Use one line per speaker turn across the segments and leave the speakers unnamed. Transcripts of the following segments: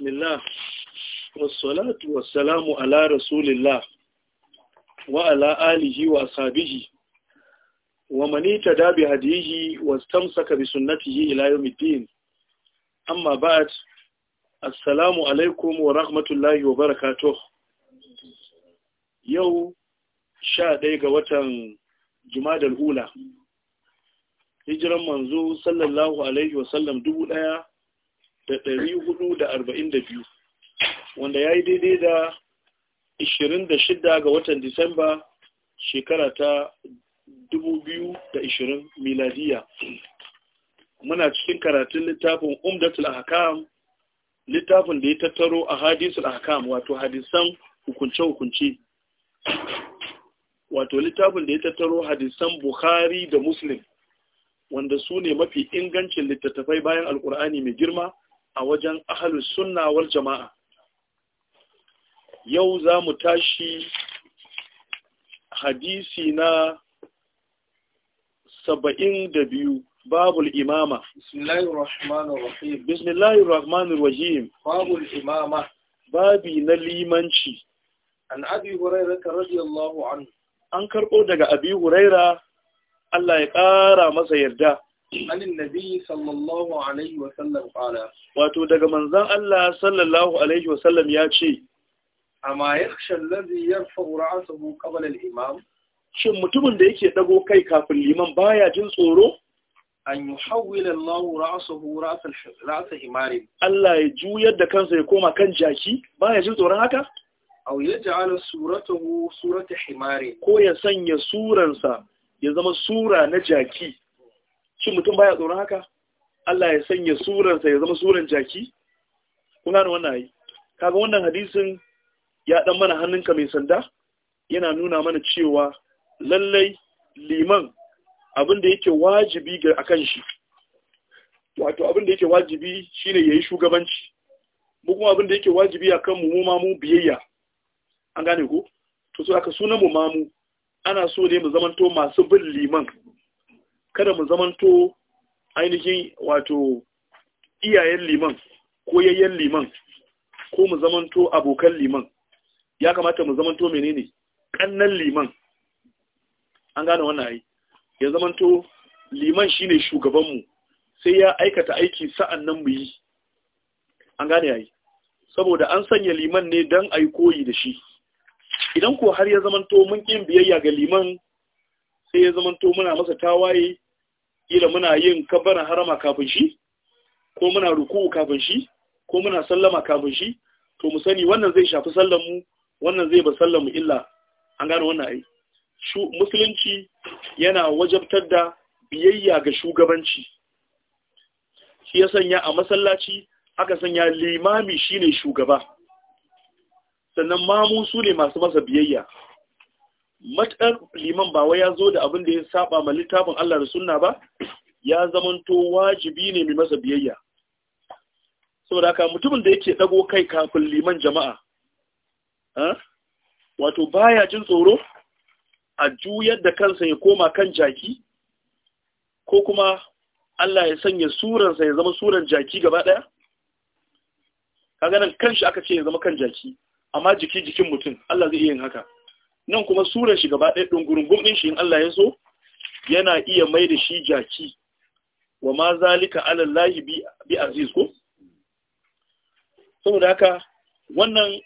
bismillah wassalatu wassalamu ala rasulillah wa ala alihi wa sabihi wa manita da bi hadihi wa stamsaka bi sunnatihi ila yawmiddin amma ba'd assalamu alaikum wa rahmatullahi wa barakatuh yau sha ɗaya ga watan jumadal ula hijran manzo sallallahu alaihi wa sallam 1400 da ɗari hudu da arba'in da biyu wanda ya yi daidai da ishirin da shida ga watan disamba shekara ta dubu biyu da ishirin miladiya muna cikin karatun littafin umdatul ahkam littafin da ya tattaro a hadisul ahkam wato hadisan hukunce-hukunce wato littafin da ya tattaro hadisan Buhari da muslim wanda su ne mafi ingancin littattafai bayan alkur'ani mai girma a wajen ahalus sunna wal jama'a yau za mu tashi hadisi na saba'in da biyu babul imama bismillahir rahmanir rahim babul imama babi na limanci an abi hurairah radiyallahu anhu an karɓo daga abi huraira Allah ya ƙara masa yarda عن النبي صلى الله عليه وسلم قال واتو daga manzon Allah sallallahu
alaihi wasallam ya ce amma yakhsha alladhi yarfa'u
ra'sahu qabla al-imam shin mutumin da yake dago kai kafin liman baya jin tsoro an yuhawwil Allah ra'sahu ra's ra's himari Allah ya juyar da kansa ya koma kan jaki baya jin tsoron haka
aw yaj'al suratahu
surata himari ko ya sanya suransa ya zama sura na jaki shi mutum baya tsoron haka Allah ya sanya suransa ya zama suran jaki kun gane wannan yi kaga wannan hadisin ya dan mana hannunka mai sanda yana nuna mana cewa lallai liman abin da yake wajibi ga akan shi wato abin da yake wajibi shine yayi shugabanci mu kuma abin da yake wajibi akan mu mu ma mu biyayya an gane ko to so aka sunan mu ma mu ana so ne mu zamanto masu bin liman kada mu zamanto ainihin wato iyayen liman ko yayyen liman ko mu zamanto abokan liman ya kamata mu zamanto menene kannan liman an gane wannan ai ya zamanto liman shine shugabanmu sai ya aikata aiki sa'an nan mu yi an gane ai saboda an sanya liman ne dan aikoyi da shi idan ko har ya zamanto mun kin biyayya ga liman sai ya zamanto muna masa tawaye ila muna yin kabbara harama kafin shi ko muna ruku'u kafin shi ko muna sallama kafin shi to mu sani wannan zai shafi sallan mu wannan zai ba sallan mu illa an gane wannan ai shu musulunci yana wajabtar da biyayya ga shugabanci shi ya sanya a masallaci aka sanya limami shine shugaba sannan mamu su ne masu masa biyayya matakar liman ba wai ya zo da abin da ya saba ma littafin Allah da sunna ba ya zamanto wajibi ne mai masa biyayya saboda haka mutumin da yake dago kai kafin liman jama'a wato baya jin tsoro a juyar da kansa ya koma kan jaki ko kuma Allah ya sanya suransa ya zama suran jaki gaba daya kaga nan kanshi aka ce ya zama kan jaki amma jiki jikin mutum Allah zai iya yin haka nan kuma surar shi gaba ɗaya ɗin gurgun ɗin shi in Allah ya so yana iya mai da shi jaki wa ma zalika alallahi bi aziz ko saboda haka wannan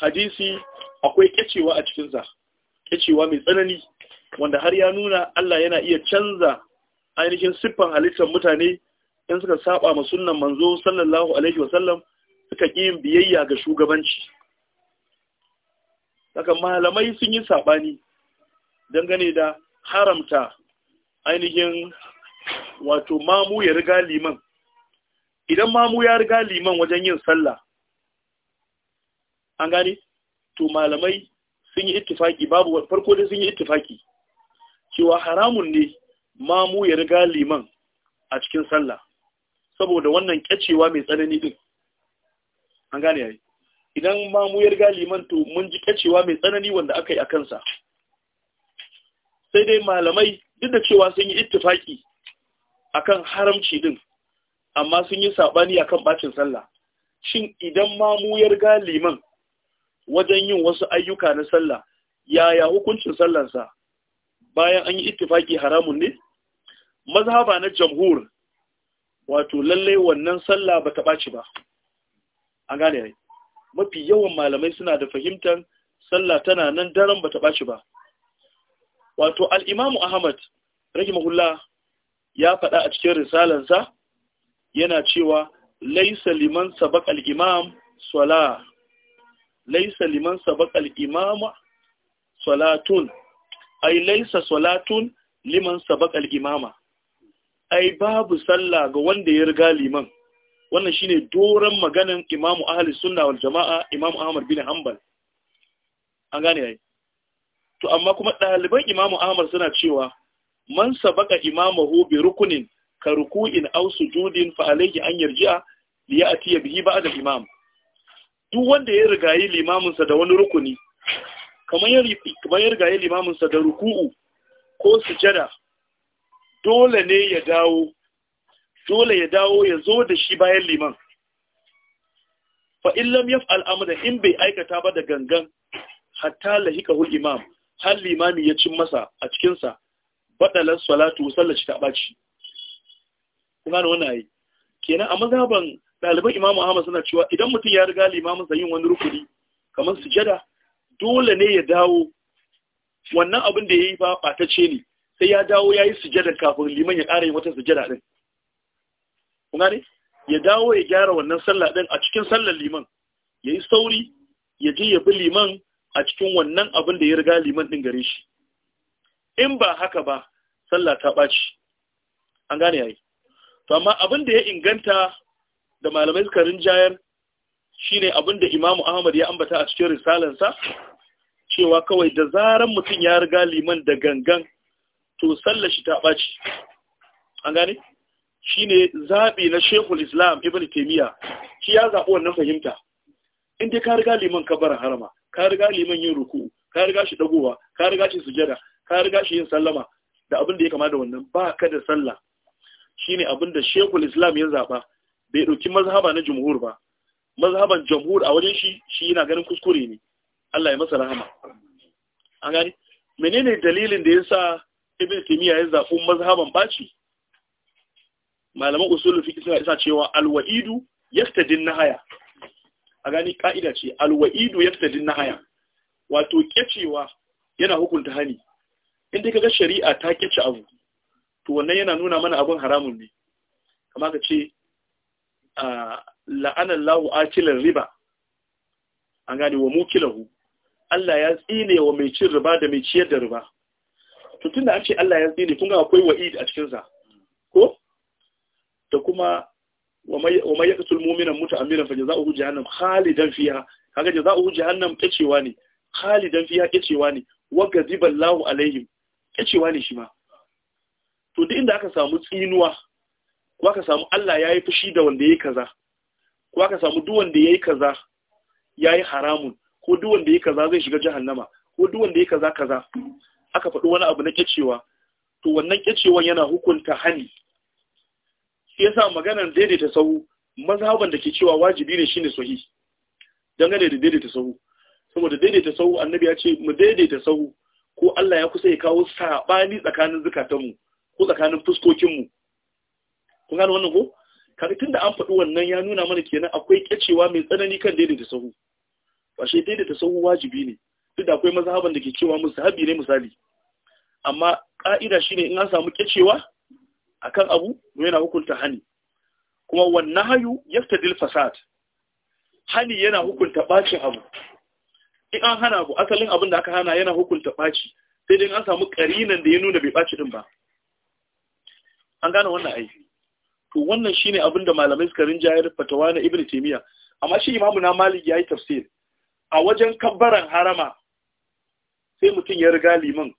hadisi akwai kecewa a cikinsa kecewa mai tsanani wanda har ya nuna Allah yana iya canza ainihin siffan halittar mutane in suka saba ma sunnan manzo sallallahu alaihi wasallam suka ƙi yin biyayya ga shugabanci Daga malamai sun yi saɓani dangane da haramta ainihin wato mamu ya riga liman. Idan mamu ya riga liman wajen yin sallah, an gane? To malamai sun yi ittifaki babu farko da sun yi ittifaki cewa haramun ne mamu ya riga liman a cikin sallah saboda wannan kyacewa mai tsanani din an gane yayi idan ma mu yarga liman to mun ji kacewa mai tsanani wanda aka yi a kansa sai dai malamai duk da cewa sun yi ittifaki akan haramci din amma sun yi sabani akan bacin sallah shin idan ma mu yarga liman wajen yin wasu ayyuka na sallah yaya hukuncin sallansa bayan an yi ittifaki haramun ne mazhaba na jamhur wato lallai wannan sallah ba ta ɓaci ba an gane mafi yawan malamai suna da fahimtar sallah tana nan daren bata ɓaci ba wato al'imamu ahmad rahimahullah ya faɗa a cikin risalansa yana cewa laisa liman sabaq al-imam laisa liman sabaq al-imam salatun ay laisa salatun liman sabaq al-imama ai babu sallah ga wanda ya riga liman wannan shine doran maganan imamu ahli sunna wal jama'a imamu ahmad bin hanbal an gane yayi to amma kuma ɗaliban imamu ahmad suna cewa man sabaka imamahu bi rukunin ka ruku'in aw sujudin fa alayhi an yarji'a li ya'ti bihi ba'da imam duk wanda ya rigayi limamin sa da wani rukuni kamar ya kamar ya rigayi limamin sa da ruku'u ko sujada dole ne ya dawo dole ya dawo ya zo da shi bayan liman fa in lam yaf'al in bai aikata ba da gangan hatta hul imam har limami ya cin masa a cikin sa badalan salatu sallaci ta baci kuma wannan ayi kenan a mazhaban ɗaliban imamu ahmad suna cewa idan mutum ya riga limamin sa yin wani rukuni kamar sujada dole ne ya dawo wannan abin da yayi ba batacce ne sai ya dawo ya yi sujada kafin liman ya ƙara yin wata sujada din kunare ya dawo ya gyara wannan sallah din a cikin sallar liman yayi sauri ya je ya bi liman a cikin wannan abin da ya riga liman din gare shi in ba haka ba sallah ta ɓaci an gane yayi to amma abin da ya inganta da malamai suka rinjayar shine abin da imamu Ahmad ya ambata a cikin risalansa cewa kawai da zaran mutum ya riga liman da gangan to sallar shi ta ɓaci an gane shine zabi na Sheikhul Islam Ibn Taymiyyah shi ya zaɓi wannan fahimta in dai ka riga liman kabara harama ka riga liman yin ruku'u ka riga shi dagowa ka riga shi sujada ka riga shi yin sallama da abin da ya kama da wannan ba ka da sallah shine abin da Sheikhul Islam ya zaba bai ɗauki mazhaba na jumhur ba mazhaban jumhur a wajen shi shi yana ganin kuskure ne Allah ya masa rahama an gani menene dalilin da ya sa Ibn Taymiyyah ya zabi mazhaban baci malaman usulul fiqh suna isa cewa alwa'idu yaftadin nahaya a gani ka'ida ce alwa'idu yaftadin nahaya wato kecewa yana hukunta hani inda kaga shari'a ta kece abu to wannan yana nuna mana abun haramun ne kamar ka ce la'anan lahu akilan riba an gane wa mukilahu Allah ya tsine wa mai cin riba da mai ciyar da riba to tunda an ce Allah ya tsine kun ga akwai wa'id a cikin sa ko da kuma wa may yaqtul mu'mina muta'ammidan fa jazaohu jahannam khalidan fiha kaga jazaohu jahannam kacewa ne khalidan fiha kacewa ne wa ghadiba Allahu alaihim kacewa ne shi ma to duk inda aka samu tsinuwa ko aka samu Allah yayi fushi da wanda yayi kaza ko aka samu duk wanda yayi kaza yayi haramun ko duk wanda yayi kaza zai shiga jahannama ko duk wanda yayi kaza kaza aka faɗi wani abu na kacewa to wannan kacewan yana hukunta hani shi yasa maganar daidaita sahu mazhaban da ke cewa wajibi ne shine sahi dangane da daidaita sahu saboda daidaita sahu annabi ya ce mu daidaita sahu ko Allah ya kusa ya kawo sabani tsakanin zikatanmu ko tsakanin fuskokinmu kun gane wannan ko kaga tunda an faɗi wannan ya nuna mana kenan akwai kyacewa mai tsanani kan daidaita sahu ba shi daidaita sahu wajibi ne duk da akwai mazhaban da ke cewa musahabi ne misali amma ƙa'ida shine in an samu kyacewa akan abu to yana hukunta hani kuma wannan hayu yaftadil fasad hani yana hukunta baci abu in an hana abu asalin abin da aka hana yana hukunta baci sai dai an samu karinan da ya nuna bai baci din ba an gane wannan aiki to wannan shine abin da malamai suka ya fatawa na ibnu taymiya amma shi imamu na malik yayi tafsir a wajen kabbaran harama sai mutum ya riga liman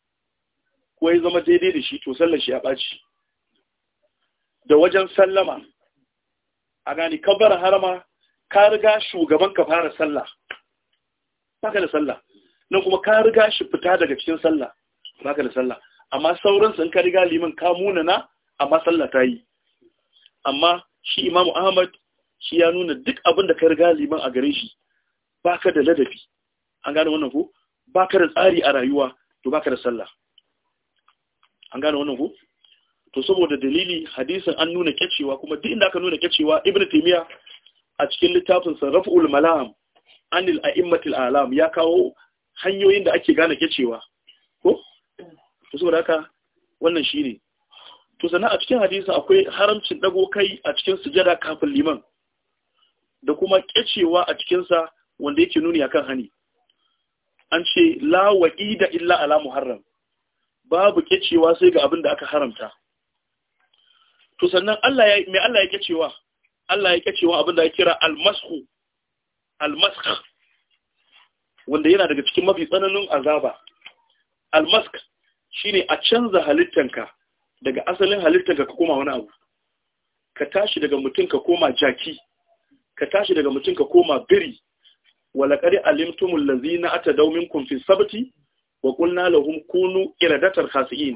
ko ya zama daidai da shi to sallar shi ya baci da wajen sallama a gani kabbar harama ka riga shugaban ka fara sallah baka da sallah nan kuma ka riga shi fita daga cikin sallah baka da sallah amma sauran sun ka riga liman ka na, amma sallah ta yi amma shi imamu ahmad shi ya nuna duk abin da ka riga liman a gare shi baka da ladabi an gane wannan ko baka da tsari a rayuwa to baka da sallah an gane wannan ko to saboda dalili hadisin an nuna kyacewa kuma duk inda aka nuna kyacewa ibn taymiya a cikin littafin sa raf'ul malam anil a'immatil alam ya kawo hanyoyin da ake gane kyacewa ko to saboda haka wannan shine to sannan a cikin hadisin akwai haramcin dago kai a cikin sujada kafin liman da kuma kyacewa a cikin sa wanda yake nuni akan hani an ce la waqida illa ala muharram babu kyacewa sai ga abin da aka haramta to sannan Allah ya mai Allah yake cewa Allah yake cewa abinda ya kira al-masxu al-masx wanda yana daga cikin mafi tsananin azaba al-masx shine a canza halittanka daga asalin halittanka ka koma wani abu ka tashi daga mutum ka koma jaki ka tashi daga mutum ka koma biri walaqad alimtumul ladzina atadaw minkum fi sabti wa qulna lahum kunu iradatan khasiin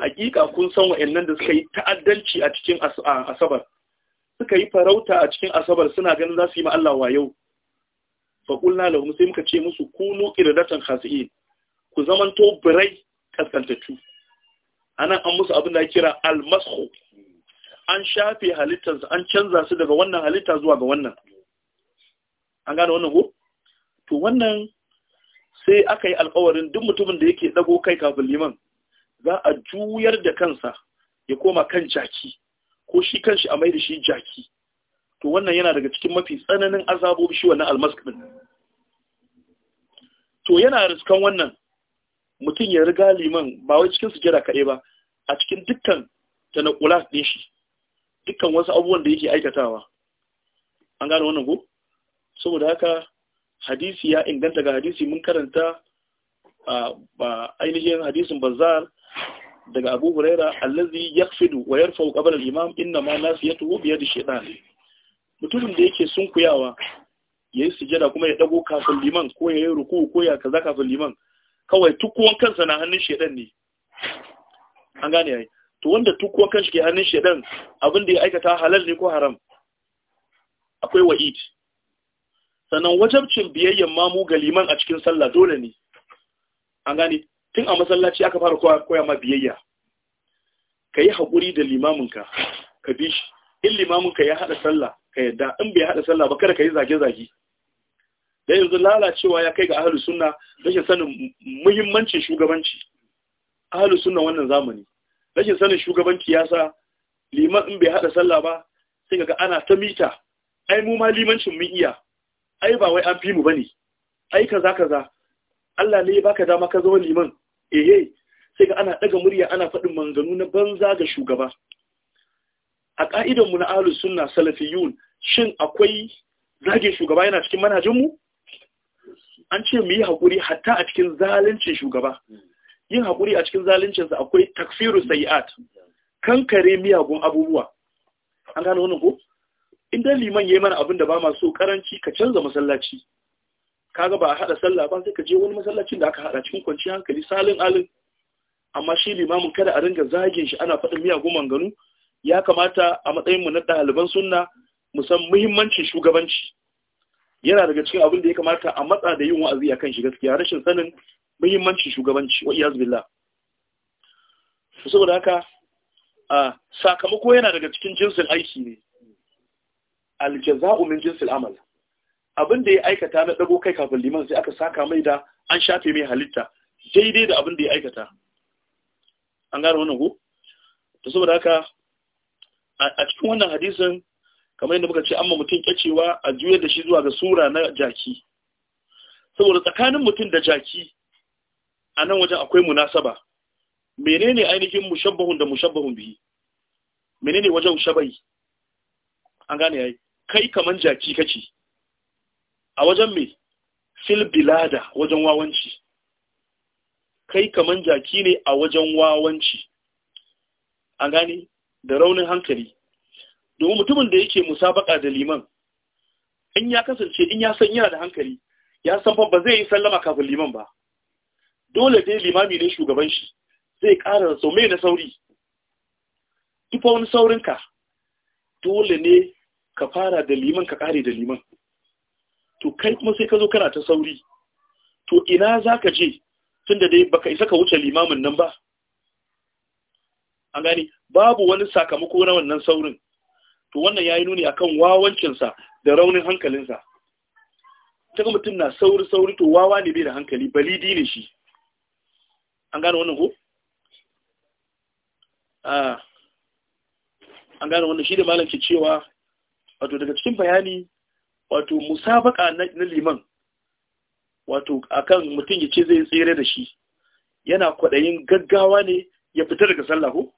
hakika kun san wa'annan da suka yi ta'addanci a cikin asabar suka yi farauta a cikin asabar suna ganin za su yi ma Allah wayo fa kullana lahum sai muka ce musu kunu qiradatan khasi'in ku zaman to birai kasantatu anan an musu abin da ake kira al an shafe halittar an canza su daga wannan halitta zuwa ga wannan an gane wannan ko to wannan sai aka yi alƙawarin duk mutumin da yake dago kai kafin liman za a juyar da kansa ya koma kan jaki ko shi kanshi a maida shi jaki to wannan yana daga cikin mafi tsananin azabobi shi wannan almaskin to yana riskan wannan mutum ya riga liman ba wai cikin sujada kaɗai ba a cikin dukkan kula ne shi dukkan wasu abubuwan da yake aikatawa an gane wannan ko saboda haka hadisi ya inganta ga hadisi mun karanta ba ainihin hadisin bazar daga abu huraira allazi yakfidu wa yarfau qabala al-imam inna ma nasiyatu bi yadi shaytan mutumin da yake sunkuyawa yayi sujada kuma ya dago kafin liman ko yayi ruku ko ya kaza kafin liman kawai tukuwan kansa na hannun shaytan ne an gane yayi to wanda tukuwan kansa ke hannun shaytan abin da ya aikata halal ne ko haram akwai wa'id sannan wajabcin biyayyan mamu ga liman a cikin sallah dole ne an gane tun a masallaci aka fara koya ma biyayya ka yi haƙuri da limaminka ka bi shi in limaminka ya haɗa sallah ka yadda in bai haɗa sallah ba kada ka yi zage-zage da yanzu lalacewa ya kai ga ahalus suna rashin sanin muhimmancin shugabanci ahalus suna wannan zamani rashin sanin shugabanci ya sa liman in bai haɗa sallah ba sai ga ana ta mita ai mu ma limancin mun iya ai ba wai an fi mu bane ai kaza kaza Allah ne ya baka dama ka zama liman ehe sai ga ana daga murya ana faɗin manganu na banza ga shugaba a ƙa'idar mu na ahlus sunna salafiyun shin akwai zage shugaba yana cikin manhajin mu an ce mu yi hakuri hatta a cikin zaluncin shugaba yin hakuri a cikin zaluncinsa akwai takfiru sayi'at kankare miyagun abubuwa an gano wannan ko in dan liman yayi mana abin da ba ma so karanci ka canza masallaci kaga ba a haɗa sallah ba sai ka je wani masallacin da aka haɗa cikin kwanci hankali salin alin amma shi limamin kada a ringa zagin shi ana faɗin miyagun manganu ya kamata a matsayin mu na ɗaliban sunna mu san muhimmancin shugabanci yana daga cikin abin da ya kamata a matsa da yin wa'azi akan shi gaskiya rashin sanin muhimmancin shugabanci wa iyaz billah saboda haka a sakamako yana daga cikin jinsin aiki ne aljaza'u min jinsil amal abin da ya aikata na dago kai kafin liman sai aka saka mai da an shafe mai halitta daidai da abin da ya aikata an gara wannan ko to saboda haka a cikin wannan hadisin kamar yadda muka ce amma mutum kyacewa a juyar da shi zuwa ga sura na jaki saboda tsakanin mutum da jaki a nan wajen akwai munasaba menene ainihin mushabbahun da mushabbahun biyu? menene wajen shabai an gane yayi kai kaman jaki kake a wajen mai Filbilada da wajen wawanci kai kaman jaki ne a wajen wawanci an gani da raunin hankali domin mutumin da yake musabaka da liman in ya kasance in ya san yana da hankali ya san ba zai yi sallama kafin liman ba dole dai limami ne shugaban shi zai ƙara da sau na sauri duk wani saurinka dole ne ka fara da liman ka kare da liman to kai kuma sai ka zo kana ta sauri to ina za ka je tun da dai baka isa ka wuce limamin nan ba an gani babu wani sakamako na wannan saurin to wannan ya yi nuni akan wawancinsa da raunin hankalinsa ta ga mutum na sauri sauri to wawa ne bai da hankali balidi ne shi an gane wannan ko an gane wannan shi da malam ke cewa wato daga cikin bayani wato musabaka na liman wato akan mutum ya ce zai tsere da shi yana kwaɗayin gaggawa ne ya fita daga sallah ko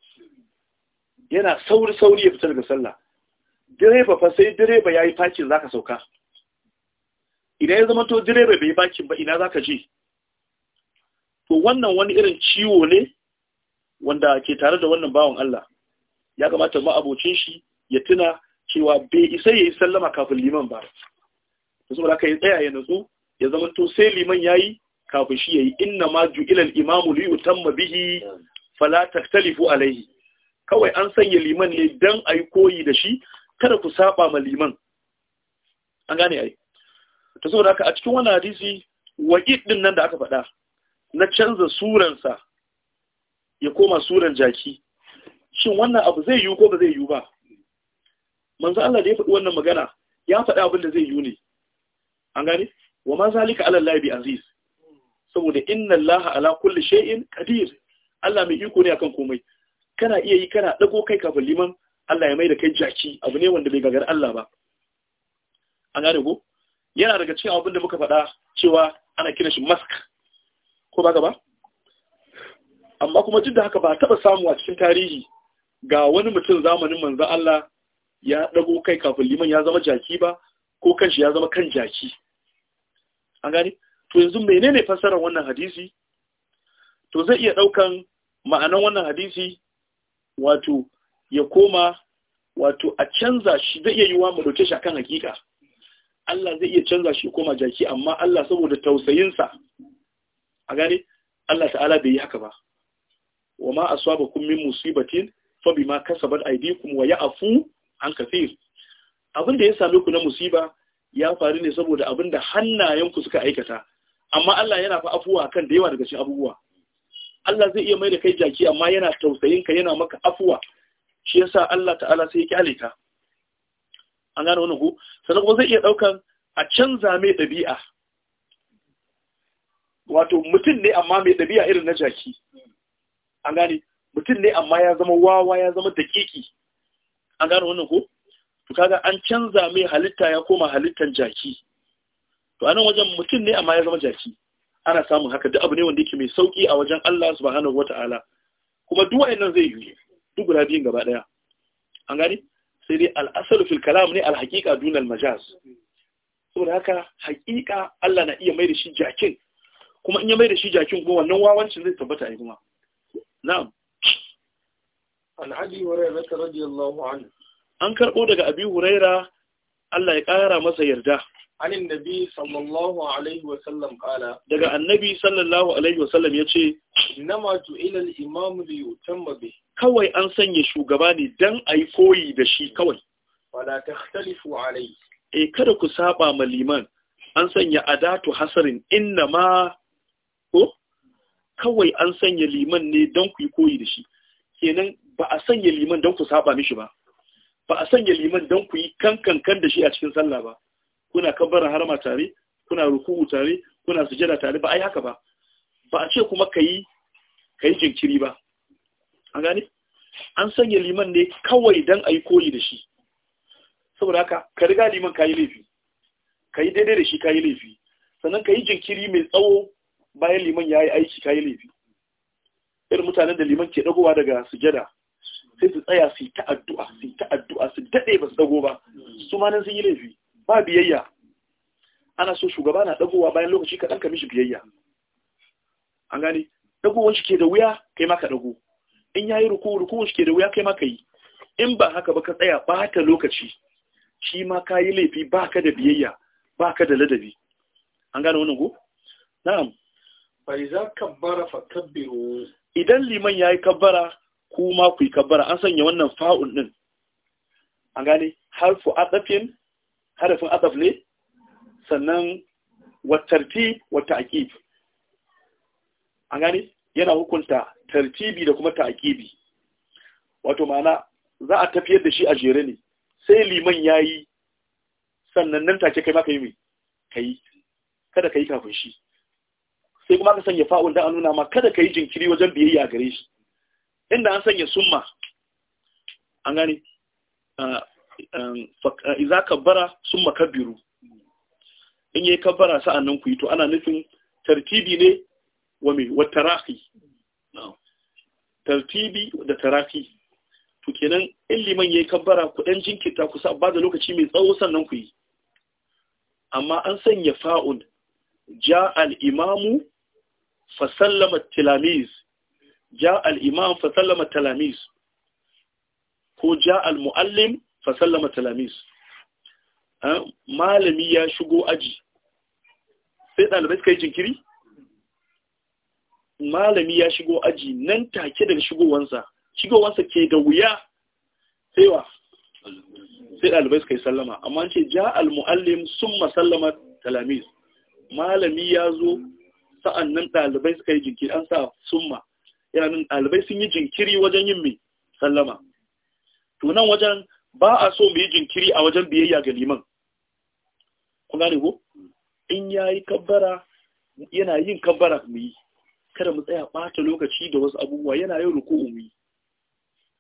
yana sauri sauri ya fita daga sallah direba fa sai direba yayi fakin zaka sauka idan ya zama to direba bai fakin ba ina zaka je to wannan wani irin ciwo ne wanda ke tare da wannan bawan Allah ya kamata ma abocin shi ya tuna cewa bai isa ya yi sallama kafin liman ba saboda haka ya tsaya ya natsu ya zama to sai liman ya yi kafin shi ya yayi inna ma juilal imamu liyu yutamma bihi fala talifu alaihi. kawai an sanya liman ne dan yi koyi da shi kada ku saba ma liman an gane ai to saboda haka a cikin wannan hadisi waqid ɗin nan da aka faɗa na canza suransa ya koma suran jaki shin wannan abu zai yiwu ko ba zai yiwu ba manzo Allah da ya faɗi wannan magana ya faɗi abin da zai yi ne an gane wa ma zalika ala Allah bi aziz saboda inna Allah ala kulli shay'in qadir Allah mai iko ne akan komai kana iya yi kana dago kai kafin liman Allah ya mai da kai jaki abu ne wanda bai gagar Allah ba an gane ko yana daga cikin abin da muka faɗa cewa ana kira shi mask ko ba ba amma kuma duk da haka ba taɓa samu a cikin tarihi ga wani mutum zamanin manzo Allah ya ɗago kai kafin liman ya zama jaki ba ko kanshi ya zama kan jaki an gane to yanzu menene fasarar wannan hadisi to zai iya ɗaukan ma'anan wannan hadisi wato ya koma wato a canza shi zai iya yiwa mu dauke shi akan hakika Allah zai iya canza shi koma jaki amma Allah saboda tausayinsa a gane Allah ta'ala bai yi haka ba wa ma aswabakum min musibatin fa bima kasabat aydikum wa ya'fu an kafir abinda da ya same ku na musiba ya faru ne saboda abinda da hannayenku suka aikata amma Allah yana fa afuwa kan da yawa daga cikin abubuwa Allah zai iya mai da kai jaki amma yana tausayin ka yana maka afuwa shi yasa Allah ta'ala sai ya kyale ka an gane wannan ku sannan kuma zai iya daukan a canza mai dabi'a wato mutum ne amma mai dabi'a irin na jaki an gane mutum ne amma ya zama wawa ya zama dakiki an gano wannan ko to kaga an canza mai halitta ya koma halittan jaki to anan wajen mutum ne amma ya zama jaki ana samun haka duk abu ne wanda yake mai sauki a wajen Allah subhanahu wataala kuma duk wayannan zai yi duk guda biyun gaba daya an gani sai dai al'asar fil kalam ne al-haqiqa dun al-majaz saboda haka haqiqa Allah na iya mai da shi jakin kuma in ya mai da shi jakin kuma wannan wawancin zai tabbata ai kuma na'am an karɓo daga abi hurairah Allah ya kara masa yarda
anin nabi sallallahu alaihi wa sallam kala
daga annabi sallallahu alaihi wa sallam ce.
inma ju'ila al-imam li
yutamma kawai an sanya shugaba ne dan ayi koyi da shi kawai wala takhtalifu alaihi E, eh, kada ku saba ma liman an sanya adatu hasarin inna ma ko kawai an sanya liman ne don ku yi koyi da shi kenan ba a sanya liman don ku saba mishi ba ba a sanya liman don ku yi kankankan da shi a cikin sallah ba kuna kabbaran harama tare kuna ruku'u tare kuna sujada tare ba ai haka ba ba a ce kuma kayi kai jinkiri ba an gane an sanya liman ne kawai don a koyi da shi saboda haka ka riga liman kayi laifi kai daidai da shi kayi laifi sannan kayi jinkiri mai tsawo bayan liman yayi aiki kayi laifi irin mutanen da liman ke dagowa daga sujada sai su tsaya su yi ta addu'a su yi ta addu'a su daɗe ba su dago ba su ma nan sun yi laifi ba biyayya ana so shugaba na dagowa bayan lokaci kaɗan ka mishi biyayya an gane dagowar shi ke da wuya kai ma ka dago in ya yi ruku ruku shi ke da wuya kai ma ka yi in ba haka ba ka tsaya ba ta lokaci shi ma ka yi laifi ba ka da biyayya ba ka da ladabi an gane wannan ko na'am za ka kabbara fa kabbiru idan liman yayi kabbara kuma ku yi kabbara an sanya wannan fa'un din an gane harfu adafin harafin adaf ne sannan watarti wata aqib an gane yana hukunta tartibi da kuma ta'aqibi wato ma'ana za a tafiyar da shi a jere ne sai liman yayi sannan nan take kai ma yi mai kai kada kai kafin shi sai kuma ka sanya fa'un da an nuna ma kada kai jinkiri wajen biyayya gare shi inda an sanya summa an za iza kabbara summa kabiru in yi kabbara sa'annan ku yi to ana nufin tartibi ne wa mai wa tarafi tartibi da tarafi to kenan in liman yayi kabbara ku ɗan jinkirta ku sa ba da lokaci mai tsawo sannan ku yi amma an sanya fa'ul ja al imamu tilamiz ja al-imam fa sallama talamis ko ja al-muallim fa sallama talamis malami ya shigo aji sai ɗalibai suka yi jinkiri malami ya shigo aji nan take daga shigowansa shigowansa ke da wuya saiwa sai dalibai suka yi sallama amma ce ja al-muallim sun sallama talamis malami ya zo sa'an nan dalibai suka yi jinkiri an sa summa yanin ɗalibai sun yi jinkiri wajen yin mai sallama to nan wajen ba a so mu yi jinkiri a wajen biyayya ga liman kun gane ko in ya yi kabbara yana yin kabbara mu yi kada mu tsaya ɓata lokaci da wasu abubuwa yana yin ruku mu yi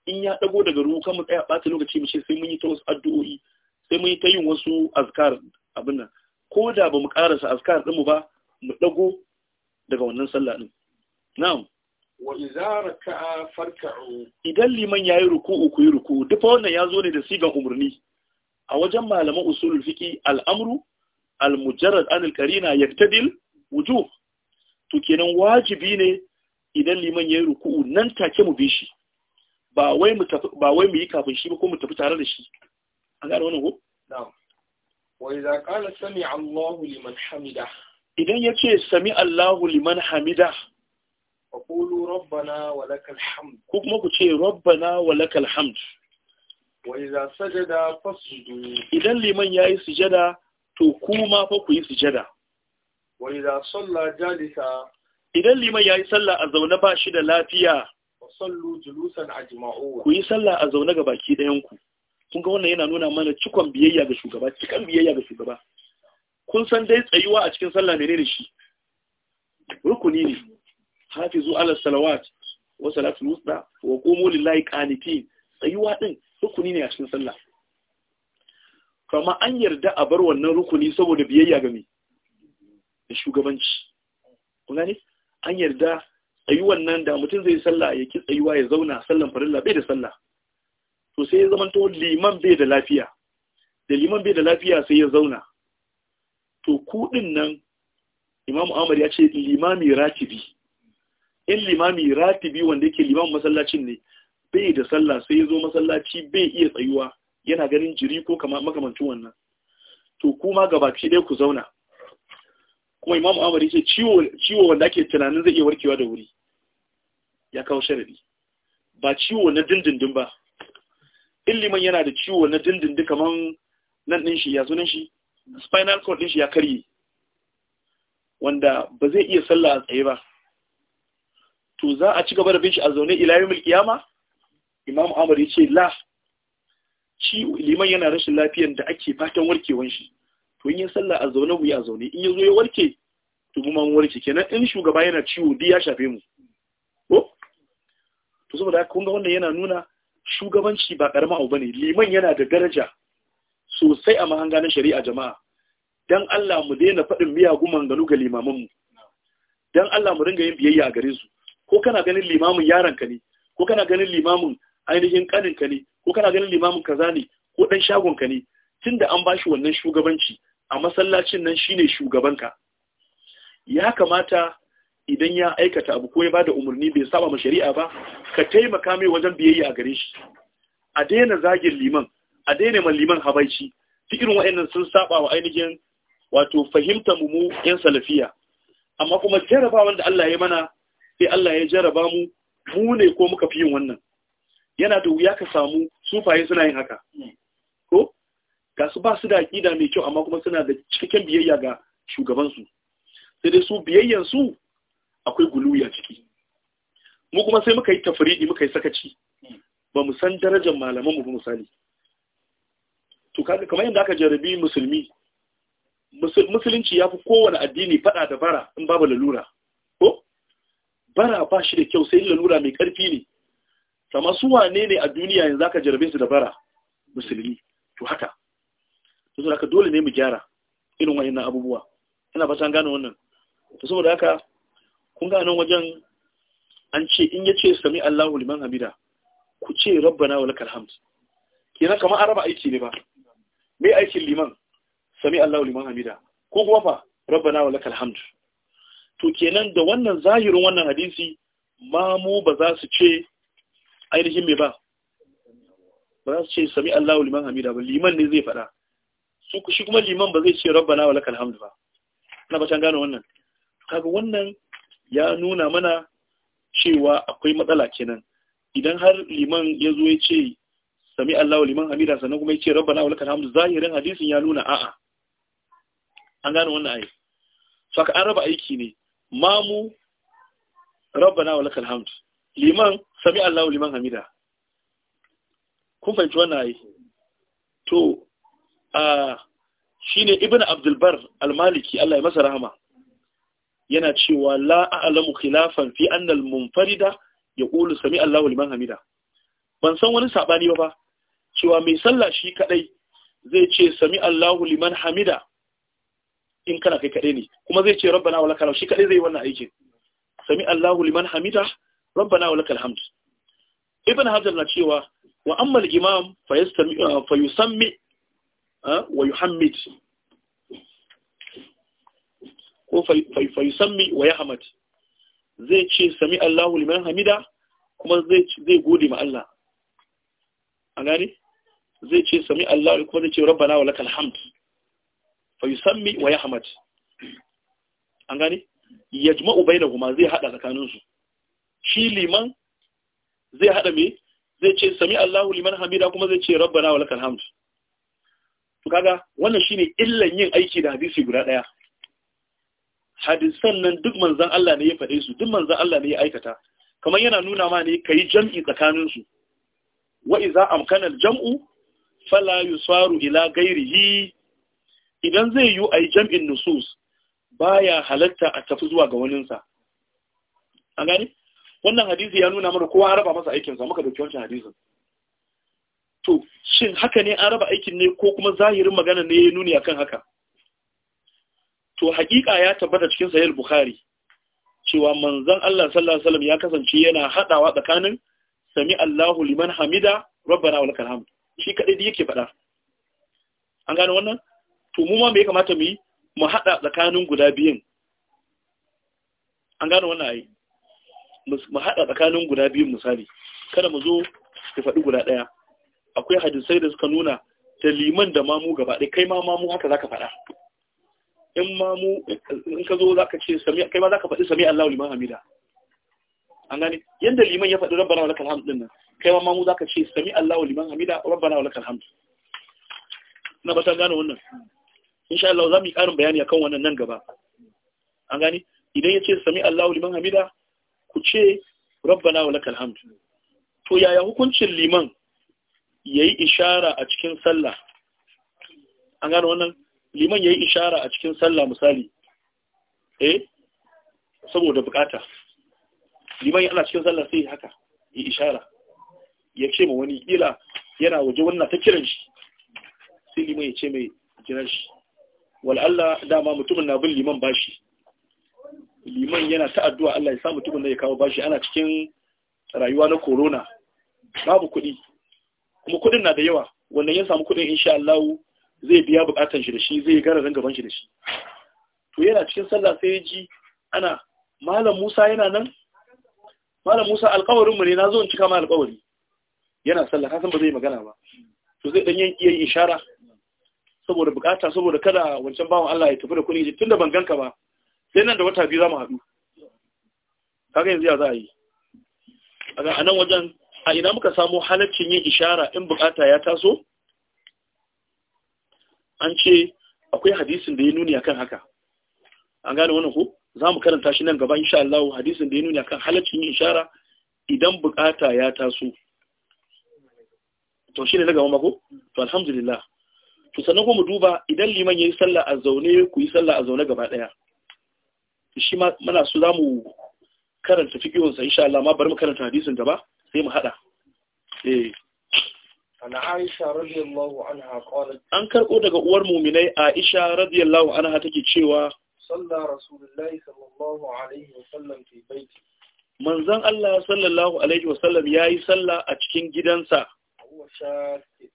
in ya ɗago daga ruka mu tsaya ɓata lokaci mu ce sai mun yi ta wasu addu'o'i sai mun yi ta yin wasu azkar abin nan ko da ba mu karasa azkar ɗinmu ba mu ɗago daga wannan sallah ɗin na'am
wa idza raka'a farka'u
idan liman yayi ruku'u ku yi ruku'u duk wannan ya zo ne da sigan umurni a wajen malaman usulul fiqi al'amru al-mujarrad an al-qarina yaktadil wujuh to kenan wajibi ne idan liman yayi ruku'u nan take mu bi shi ba wai mu ba wai mu yi kafin shi ba ko mu tafi tare da shi an gane wannan ko na'am wa idza qala Allahu liman hamida idan yace sami Allahu liman hamida
qulu rabbana wa lakal hamd
ko kuma ku ce rabbana wa lakal hamd
wa idza sajada fasjudu
idan liman yayi sujada to kuma fa ku yi sujada
wa idza salla jalisa idan liman yayi salla
a zauna ba shi da lafiya
sallu julusan ajma'u ku yi
salla a zauna ga baki ɗayan ku kun ga wannan yana nuna mana cikon biyayya ga shugaba cikon biyayya ga shugaba kun san dai tsayuwa a cikin sallah menene shi rukuni ne hafizu ala salawat wa salatul wusta wa qumu lillahi qanitin tsayuwa din rukuni ne a cikin sallah kama an yarda a bar wannan rukuni saboda biyayya ga me da shugabanci kun gane an yarda ayi wannan da mutum zai sallah ya ki tsayuwa ya zauna sallan farilla bai da sallah to sai ya zamanto liman bai da lafiya da liman bai da lafiya sai ya zauna to ku din nan imamu ahmad ya ce limami ratibi in limami ratibi wanda yake limamin masallacin ne bai da sallah sai ya zo masallaci bai iya tsayuwa yana ganin jiri ko makamancin wannan to kuma gabaki ɗaya ku zauna kuma imamu amur ya ce ciwo wanda ake tunanin zai iya warkewa da wuri ya kawo sharadi ba ciwo na dindindin ba in liman yana da ciwo na dindindin kaman nan ɗin shi ya nan shi spinal cord ɗin shi ya karye wanda ba zai iya sallah a tsaye ba to za a ci gaba da bin shi a zaune ilayen Mulkiyama, imam imam ya ce, la ci liman yana rashin lafiyar da ake fatan warkewan shi to in ya sallah a zaune wuya ya zaune in ya zo ya warke to kuma warke kenan in shugaba yana ciwo di ya shafe mu ko to saboda kun ga wannan yana nuna shugabanci ba karama abu bane liman yana da daraja sosai a mahanga na shari'a jama'a dan Allah mu daina faɗin miyagun manganu ga mu. dan Allah mu ringa yin biyayya a gare su ko kana ganin limamin yaronka ne ko kana ganin limamin ainihin kaninka ne ko kana ganin limamin kaza ne ko dan shagonka ne tunda an bashi wannan shugabanci a masallacin nan shine shugabanka ya kamata idan ya aikata abu ko ya bada umarni bai saba ma shari'a ba ka taimaka mai wajen biyayya a gare shi a daina zagin liman a daina ma liman habaici duk irin wa'annan sun saba wa ainihin wato fahimta mu mu yan salafiya amma kuma jarabawan wanda Allah ya mana sai Allah ya jaraba mu mu ne ko muka fi yin wannan yana da wuya ka samu sufaye suna yin haka ko ga su ba su da aƙida mai kyau amma kuma suna da cikakken biyayya ga shugabansu sai dai su biyayyan su akwai guluya ciki mu kuma sai muka yi tafridi muka yi sakaci ba mu san darajar malaman mu ba misali to kaga kamar yadda aka jarabi musulmi musulunci ya fi kowane addini fada da bara in babu lalura bara ba shi da kyau sai lalura mai ƙarfi ne kama su wane ne a duniya yanzu zaka jarabe su da bara musulmi to haka to saboda haka dole ne mu gyara irin wa'annan abubuwa ina fata gane wannan to saboda haka kun ga nan wajen an ce in ya ce sami Allahu liman hamida ku ce rabbana walakal hamd kenan kamar araba aiki ne ba me aikin liman sami Allahu liman hamida ko kuma fa rabbana walakal hamd to kenan da wannan zahirin wannan hadisi mamu ba za su ce ainihin mai ba ba za su ce sami Allahu liman hamida ba liman ne zai faɗa su shi kuma liman ba zai ce rabbana wa lakal hamdu ba na batan gano wannan kaga wannan ya nuna mana cewa akwai matsala kenan idan har liman ya zo ya ce sami Allahu liman hamida sannan kuma ya ce rabbana wa lakal hamdu zahirin hadisin ya nuna a'a an gano wannan ayi saka an raba aiki ne mamu rabbana wa lakal hamd liman sami Allahu liman hamida kun fahimci wannan ayi to a shine ibnu abdul bar al-maliki Allah ya masa rahama yana cewa la a'lamu khilafan fi anna al-munfarida yaqulu sami Allahu liman hamida ban san wani sabani ba cewa mai sallah shi kadai zai ce sami Allahu liman hamida in kana kai kaɗai ne kuma zai ce rabbana wa lakal shi kaɗai zai wannan aikin sami Allahu liman hamida rabbana wa lakal hamd ibn hajar na cewa wa amma al-imam fa yastami uh, fa yusammi uh, wa yuhammid ko fa yusammi wa yahmad zai ce sami Allahu liman hamida kuma zai zai gode ma Allah a gani zai ce sami Allahu kuma zai ce rabbana wa lakal hamd fa yusammi wa yahmad an gani yajma'u bainahuma zai hada tsakanin su shi liman zai hada me zai ce sami Allahu liman hamida kuma zai ce rabbana wa lakal hamd to kaga wannan shine illan yin aiki da hadisi guda daya hadisan nan duk manzon Allah ne ya faɗe su duk manzon Allah ne ya aikata kamar yana nuna ma ne kai jam'i tsakanin su wa iza amkana al-jam'u fala yusaru ila ghairihi idan zai yi a yi jam'in nusus baya halatta a tafi zuwa ga waninsa an gane wannan hadisi ya nuna mana kowa raba masa aikinsa muka dauki wancan hadisin to shin haka ne an raba aikin ne ko kuma zahirin magana ne ya nuni akan haka to hakika ya tabbata cikin sahih bukhari cewa manzon Allah sallallahu alaihi wasallam ya kasance yana hadawa tsakanin sami Allahu liman hamida rabbana walakal hamd shi kadai yake faɗa an gane wannan to mu ma me ya kamata mu yi mu haɗa tsakanin guda biyun an gano wannan ayi mu haɗa tsakanin guda biyun misali kada mu zo ku faɗi guda ɗaya akwai hadisai da suka nuna da liman da mamu gaba ɗaya kai ma mamu haka zaka faɗa in mamu in ka zo zaka ce sami kai ma zaka faɗi sami Allahu liman hamida an gane yanda liman ya faɗi rabbana walakal hamd din nan kai ma mamu zaka ce sami Allahu liman hamida rabbana lakal hamd na ba ta gane wannan insha Allah za mu yi ƙarin bayani akan wannan nan gaba an gani idan ya ce sami Allahu liman hamida ku ce rabbana wa lakal hamd to yaya hukuncin liman yayi ishara a cikin sallah an gano wannan liman yayi ishara a cikin sallah misali eh saboda bukata liman yana cikin sallah sai haka yi ishara ya ce ma wani kila yana waje wannan ta kiran shi sai liman ya ce mai kiran shi wal'alla dama mutumin na bin liman bashi liman yana ta addu'a Allah ya sa mutumin da ya kawo bashi ana cikin rayuwa na corona babu kuɗi kuma kuɗin na da yawa wannan ya samu kuɗin insha Allah zai biya bukatan shi da shi zai gara gaban shi da shi to yana cikin sallah sai ya ji ana malam Musa yana nan malam Musa alƙawarin mu ne zo in cika ma alƙawari yana sallah kasan ba zai magana ba to zai dan yanki yayi ishara saboda bukata saboda kada wancan bawan Allah ya tafi da kuɗi tun da ban ganka ba sai nan da wata biyu za mu haɗu kaga yanzu ya za a yi a nan wajen a ina muka samu halaccin yin ishara in bukata ya taso an ce akwai hadisin da ya nuni akan haka an gane wannan ko za mu karanta shi nan gaba insha Allah hadisin da ya nuni akan halaccin yin ishara idan bukata ya taso to shine na gaba mako to alhamdulillah to sannan kuma duba idan liman yayi sallah a zaune ku yi sallah a zaune gaba daya shi ma muna so zamu karanta fiqihun sa insha Allah ma bari mu karanta hadisin gaba sai mu hada eh
ana Aisha radiyallahu anha qalat
an karbo daga uwar mu'minai Aisha radiyallahu anha take cewa
sallah rasulullahi sallallahu alaihi sallam fi baiti
manzon Allah sallallahu alaihi sallam yayi sallah a cikin gidansa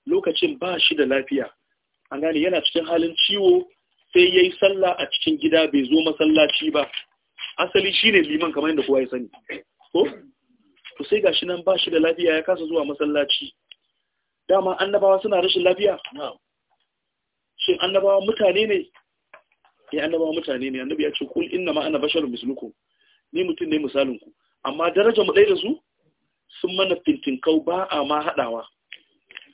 lokacin ba shi da lafiya an gane yana cikin halin ciwo sai ya yi sallah a cikin gida bai zo masallaci ba asali shi ne liman kamar yadda kowa ya sani ko to sai gashi nan ba shi da lafiya ya kasa zuwa masallaci dama annabawa suna rashin lafiya shin annabawa mutane ne ya eh, annabawa mutane ne annabi ya ce kul inna ma ana basharun mislukum ni mutum ne misalin ku amma daraja mu ɗaya da su sun mana fintinkau ba a ma haɗawa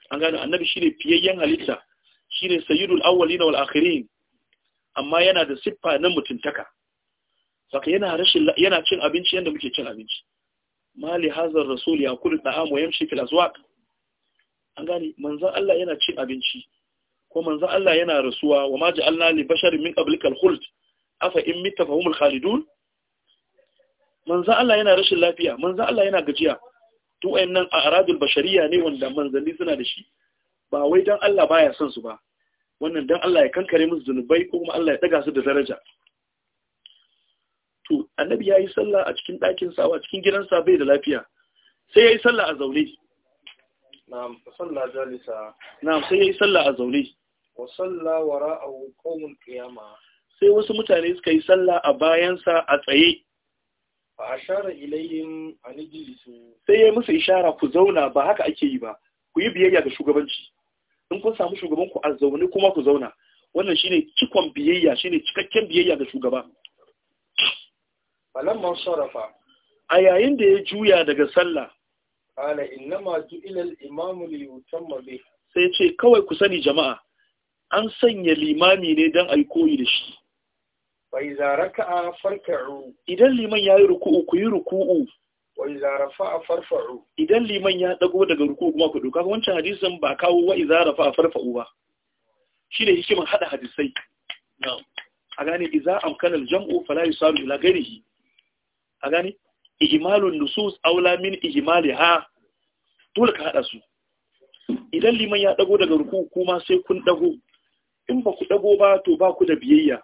an gane annabi shi ne fiyayyen halitta shine sayyidul awwalin wal akhirin amma yana da siffa na mutuntaka saka yana rashin yana cin abinci yanda muke cin abinci mali hazar rasul ya kullu da'am wa yamshi fil aswaq an gane manzon Allah yana cin abinci ko manzon Allah yana rasuwa wa ma ja'alna li basharin min qablikal khuld afa in mitta fahumul khalidun manzon Allah yana rashin lafiya manzon Allah yana gajiya duk wayannan a'radul bashariya ne wanda manzanni suna da shi ba wai dan Allah baya son su ba wannan don Allah ya kankare musu zunubai ko kuma Allah ya daga su da daraja to annabi yayi sallah a cikin ɗakin sa a cikin gidansa bai da lafiya sai yayi sallah a zaune
na'am sallah jalisa
na'am sai yayi sallah a zaure
wa salla wara'u qawmul qiyama
sai wasu mutane suka yi sallah a bayansa a tsaye
fa ashara ilayhim an ijlisu
sai yayi musu ishara ku zauna ba haka ake yi ba ku yi biyayya ga shugabanci in kun samu shugaban ku a zaune kuma ku zauna wannan shine cikon biyayya shine cikakken biyayya ga shugaba
falamman sharafa.
a yayin da ya juya daga sallah
qala innama ju'ila al-imamu li yutamma bi
sai ce kawai ku sani jama'a an sanya limami ne dan ai koyi da shi fa iza raka'a farka'u idan liman yayi ruku'u ku yi ruku'u wa idza a farfa'u idan liman ya dago daga ruku kuma ku doka wancan hadisin ba kawo wa rafa a farfa'u ba Shi ne hikiman hada hadisai a gane iza amkanar al-jam'u fala yusaru ila shi. a gane ijmalun nusus aula min ha. dole ka hada su idan liman ya dago daga ruku kuma sai kun dago in ba ku dago ba to ba ku da biyayya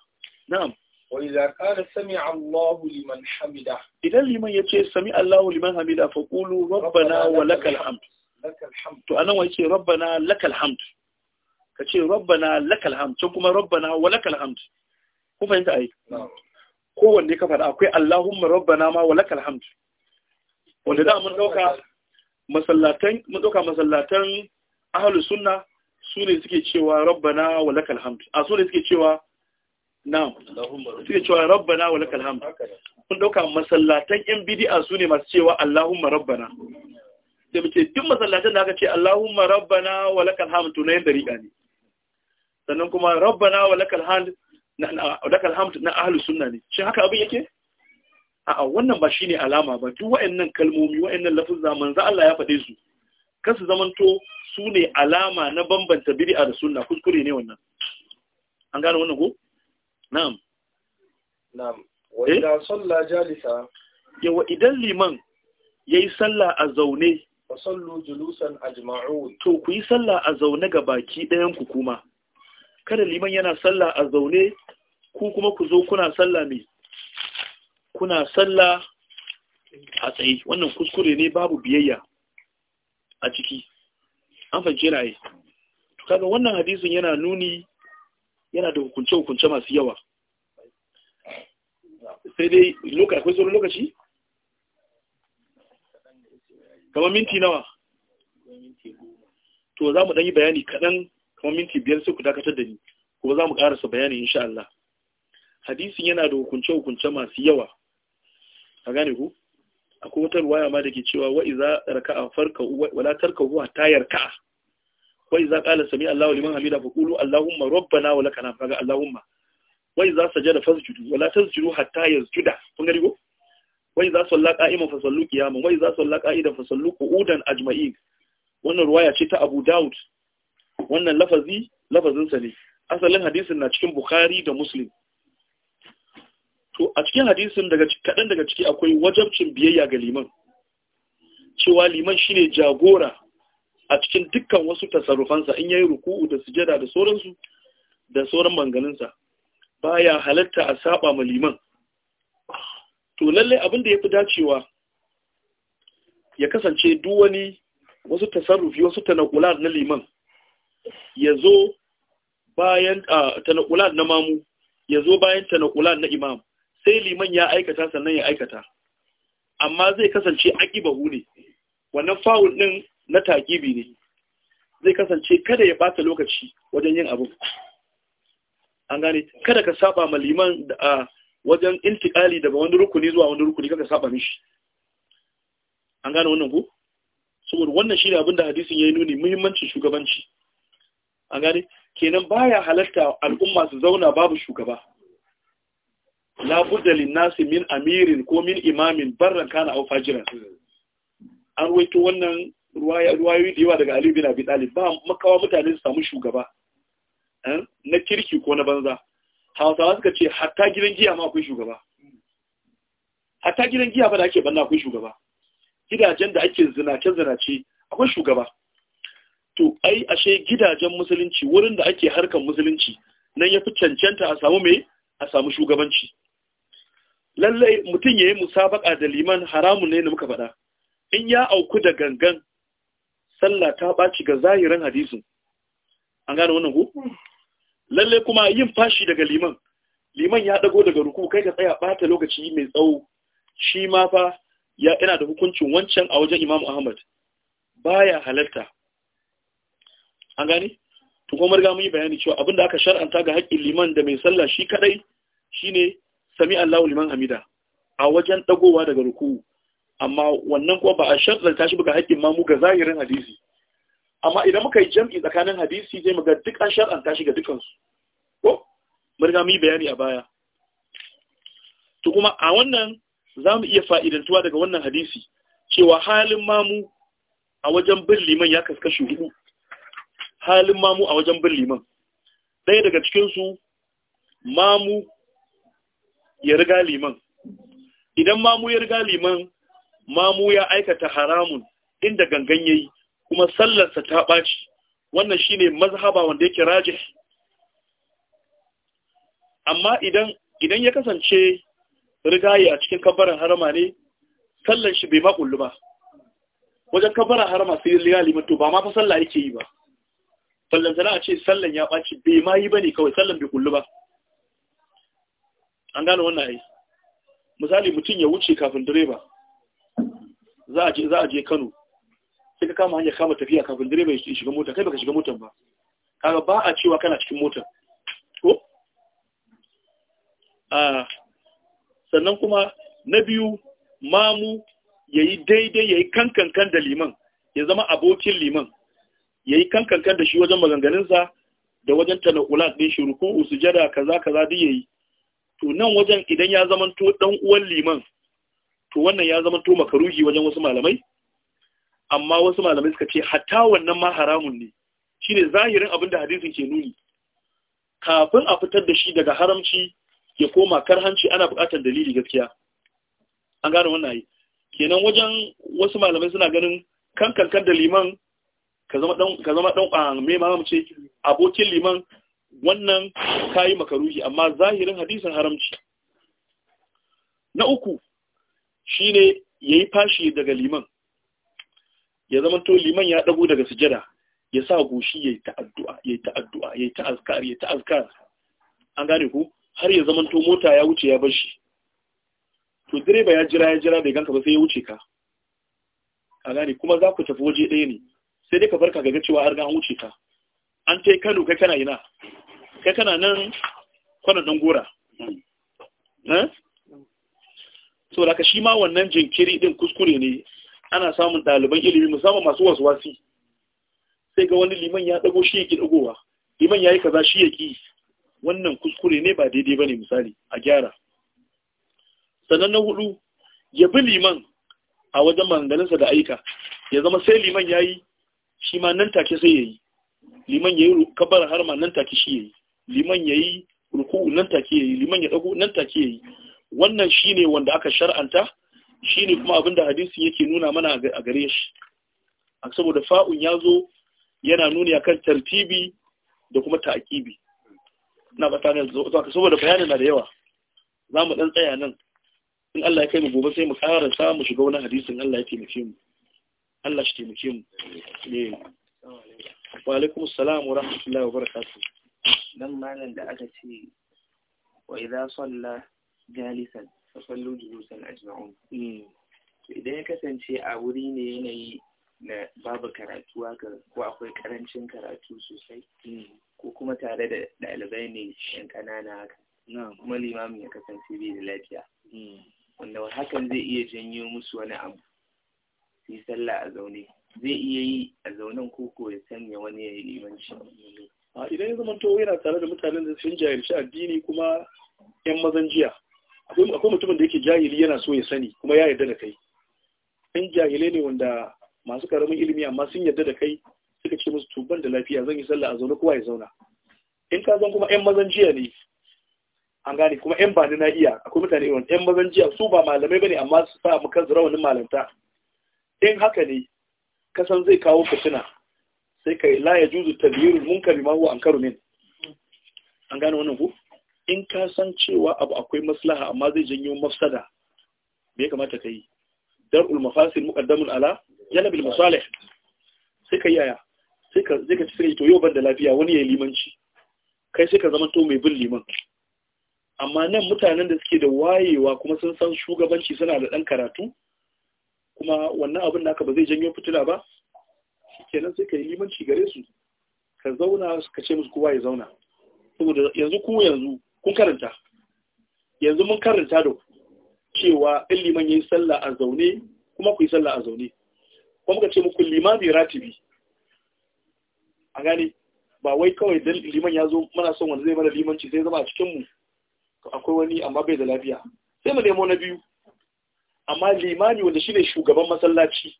na'am وإذا قال سمع الله لمن حمده
إذا لمن يتي سمع الله لمن حمده فقولوا ربنا ولك الحمد لك الحمد تو أنا ويتي ربنا لك lakal hamdu. ربنا kuma الحمد تو كما hamdu? ولك fahimta a yi. Ko kowanne ka faɗa akwai Allahumma rabbana ma wa lakal hamd wanda da mun ɗauka masallatan mun sunna su ne suke cewa rabbana wa lakal hamdu? a su ne suke cewa na'am suke cewa rabbana wa lakal hamd kun dauka masallatan yan bid'a su ne masu cewa allahumma rabbana da muke duk masallatan da aka ce allahumma rabbana wa lakal hamd to na yin dariqa ne sannan kuma rabbana wa lakal hamd na lakal hamd na ahlus sunna ne shin haka abin yake a'a wannan ba shine alama ba duk wayannan kalmomi wayannan lafuzza manzo Allah ya faɗe su kasu zamanto su ne alama na bambanta bid'a da sunna kuskure ne wannan an gane wannan ko na'am na'am wa idan eh? jalisa yawa idan liman yayi sallah a zaune fa sallu julusan to ku yi sallah a zaune ga baki ɗayan kuma kada liman yana sallah a zaune ku kuma ku zo kuna sallah kuna sallah a tsaye wannan kuskure ne babu biyayya a ciki an fahimci kaga wannan hadisin yana nuni yana da hukunce-hukunce masu yawa sai dai lokaci akwai tsoron lokaci? kamar minti nawa to za mu ɗanyi bayani kaɗan kamar minti biyar sai ku dakatar da ni kuma za mu ƙarasa bayani insha Allah hadisin yana da hukunce-hukunce masu yawa a gane ku akwai wata ruwaya ma da ke cewa wa'iza raka'a farka wala tarka huwa tayar ka'a. wa iza qala sami allah wa liman hamida fa qulu Allahumma rabbana wa lakal hamd ga Allahumma wa iza sajada fasjudu wa la tasjudu hatta yasjuda kun gari ko wa iza salla qa'iman fa sallu Wai za su salla qa'idan fa sallu qu'udan ajma'in wannan ruwaya ce ta Abu Da'ud. wannan lafazi lafazin sa ne asalin hadisin na cikin Bukhari da Muslim to a cikin hadisin daga kadan daga ciki akwai wajabcin biyayya ga liman cewa liman shine jagora a cikin dukkan wasu tasarrufansa in yayi ruku'u da sujada da sauransu da sauran manganinsa baya halatta a saba ma liman to lalle abin da yafi dacewa ya kasance duk wani wasu tasarrufi wasu tanakulat na liman ya bayan tanakulat na mamu ya bayan tanakulat na imam sai liman ya aikata sannan ya aikata amma zai kasance aqibahu ne wannan fa'ul din na tagibi ne zai kasance kada ya bata lokaci wajen yin abu. an gane kada ka saba ma liman da wajen intikali daga wani rukuni zuwa wani rukuni kada ka saba mishi an gane wannan ku saboda wannan shi ne abin da hadisin ya yi nuni muhimmancin shugabanci an gane kenan baya halatta al'umma su zauna babu shugaba budalin nasi min amirin ko min imamin barran kana au fajiran an waito wannan ruwayoyi da yawa daga Ali bin Abi ba makawa mutane su samu shugaba eh? na kirki ko na banza Hausawa suka ce hatta gidan giya ma akwai shugaba hatta gidan giya ba da ake banna akwai shugaba gidajen da ake zinace zinace akwai shugaba to ai ashe gidajen musulunci wurin da ake harkar musulunci nan ya fi cancanta a samu mai a samu shugabanci lallai mutum ya yi musabaka da liman haramun ne da muka faɗa in ya auku da gangan sallah ta ɓaci ga zahirin hadisin an gane wannan ku? lalle kuma yin fashi daga liman liman ya ɗago daga ruku kai ka tsaya bata lokaci mai tsawo shi ma fa ya ina da hukuncin wancan a wajen Imam Ahmad baya halarta an gane to kuma riga mun yi bayani cewa abinda aka shar'anta ga haƙƙin liman da mai sallah shi kadai shine sami Allahu liman hamida a wajen ɗagowa daga ruku'u amma wannan kuwa ba a shaddanta shi buga haƙƙin mamu ga zahirin hadisi amma idan muka yi jam'i tsakanin hadisi zai muga duk an shaddanta shi ga dukansu ko murga mu bayani a baya to kuma a wannan za mu iya fa'idantuwa daga wannan hadisi cewa halin mamu a wajen bin liman ya kaskashi hudu halin mamu a wajen bin liman ɗaya daga cikinsu mamu ya riga liman idan mamu ya riga liman mamu ya aikata haramun inda gangan yayi kuma sallarsa ta ɓaci wannan shine mazhaba wanda yake rajih amma idan idan ya kasance rigaye a cikin kabarin harama ne sallar shi bai ma kullu ba wajen kabbaran harama sai riga limanto ba ma fa sallah yake yi ba sallan sana a ce sallan ya ɓaci bai ma yi bane kawai sallan bai kullu ba an gano wannan ai misali mutum ya wuce kafin direba za a je Kano sai ka kama hanyar kama tafiya kafin direba ya shiga mota kai baka shiga motar ba kaga ba a cewa kana cikin mota, ko sannan kuma na biyu mamu yayi daidai yayi kankankan da liman ya zama abokin liman yayi kankankan da shi wajen maganganunsa da wajen talakula din shi ruku'u sujada kaza kaza duk yayi to nan wajen idan ya zama to dan uwan liman to wannan ya zama to makaruhi wajen wasu malamai amma wasu malamai suka ce hatta wannan ma haramun ne shine zahirin abin da hadisin ke nuni kafin a fitar da shi daga haramci ya koma karhanci ana buƙatar dalili gaskiya an gane wannan yi kenan wajen wasu malamai suna ganin kan kankan da liman ka zama dan a mai mamace, abokin liman wannan kayi makaruhi amma zahirin hadisin haramci na uku shine yayi fashi daga liman ya zama to liman ya dago daga sujada ya sa goshi yayi ta addu'a yayi ta addu'a yayi ta azkar yayi ta azkar an gane ku har ya zama to mota ya wuce ya bar shi to direba ya jira ya jira bai ganka ba sai ya wuce ka a gane kuma za ku tafi waje ɗaya ne sai dai ka farka ga cewa har ga an wuce ka an tai Kano kai kana ina kai kana nan kwanan dan gora hmm. eh? so da shi ma wannan jinkiri din kuskure ne ana samun ɗaliban ilimi musamman masu wasu wasi sai ga wani liman ya ɗago shi yake ɗagowa liman ya yi kaza shi ya ƙi wannan kuskure ne ba daidai ba ne misali a gyara sannan na hudu ya bi liman a wajen mangalinsa da aika ya zama sai liman ya yi shi ma nan take sai ya yi liman ya yi kabar ma nan take shi ya yi liman ya yi ruku nan take ya yi liman ya ɗago nan take ya yi wannan shine wanda aka shar'anta shine kuma abinda hadisi yake nuna mana a gare shi saboda fa'un ya zo yana nuni akan tartibi da kuma ta'akibi na batanin zuwa saboda bayanin na da yawa za mu ɗan tsaya nan in Allah ya kai mu gobe sai mu ƙara sa mu shiga wani hadisin Allah ya taimake mu Allah shi taimake mu ne eh. wa alaikum assalam wa rahmatullahi wa barakatuh dan malam da aka ce wa idza salla jalisan fasallu julusan ajma'un mm. idan ya kasance a wuri ne yanayi na babu karatu haka ko akwai karancin karatu sosai mm. ko kuma tare da ɗalibai ne yan ƙanana haka kuma limamin ya kasance bai da lafiya mm. wanda hakan zai iya janyo musu wani abu su yi sallah a zaune zai iya yi a zaunen koko ya sanya wani ya yi limanci idan ya zama to yana tare da mutanen da sun jahilci addini kuma yan mazan jiya akwai mutumin da yake jahili yana so ya sani kuma ya yarda da kai ɗan jahilai ne wanda masu karamin ilimi amma sun yarda da kai suka ce musu tuban da lafiya zan yi sallah a zaune kowa ya zauna in ka zan kuma yan mazan jiya ne an gane kuma yan bani na iya akwai mutane irin yan mazan jiya su ba malamai bane amma su sa mu kan rawanin malanta in haka ne kasan zai kawo fitina sai kai la juzu tabiru munkari ma huwa ankaru min an gane wannan ku in ka san cewa abu akwai maslaha amma zai janyo mafsada me ya kamata ka yi dar'ul mafasil muqaddamun ala janabil masalih sai ka yaya sai ka sai ka ci sai to yau banda da lafiya wani yayi limanci kai sai ka zama to mai bin liman amma nan mutanen da suke da wayewa kuma sun san shugabanci suna da dan karatu kuma wannan abin da aka ba zai janyo fitila ba kenan sai ka yi limanci gare su ka zauna ka ce musu kowa ya zauna saboda yanzu ko yanzu kun karanta yanzu mun karanta da cewa in liman yin sallah a zaune kuma ku yi sallah a zaune kuma muka ce muku bi ratibi a gane ba wai kawai dan liman ya zo muna son wanda zai mana limanci sai zama a cikin mu akwai wani amma bai da lafiya sai mu nemo na biyu amma limani wanda shine shugaban masallaci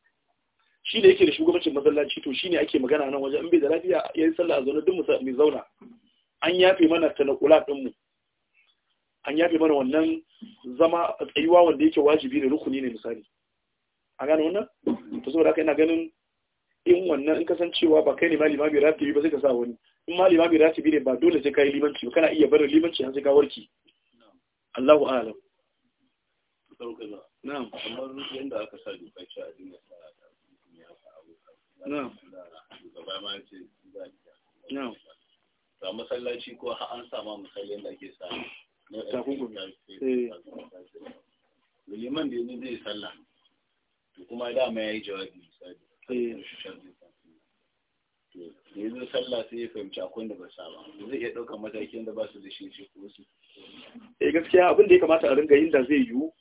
shi da yake da shugabancin masallaci to shine ake magana nan waje in bai da lafiya yayin sallah a zaune duk mu zauna an yafe mana tanakula din mu an yafe mana wannan zama a tsayuwa wanda yake wajibi da rukuni ne misali a gane wannan to saboda haka ina ganin in wannan in kasancewa ba kai ne ma limami ratibi ba sai ka sa wani in ma limami ratibi ne ba dole sai kai limanci kana iya barin limanci har sai ka warki Allahu a'lam na'am kamar yanda aka sa doka ce a dinga salata na'am gaba ma ce na'am ga masallaci ko har an sama masallin da ake samu ta eh. hukunta liman da yanzu zai sallah to kuma dama ya yi jawabi misali eh. da yanzu sallah sai ya fahimci akwai da ba sa zai iya ɗaukar matakin da ba su da shi ce ko su eh gaskiya abin da ya kamata a ringa yin da zai yiwu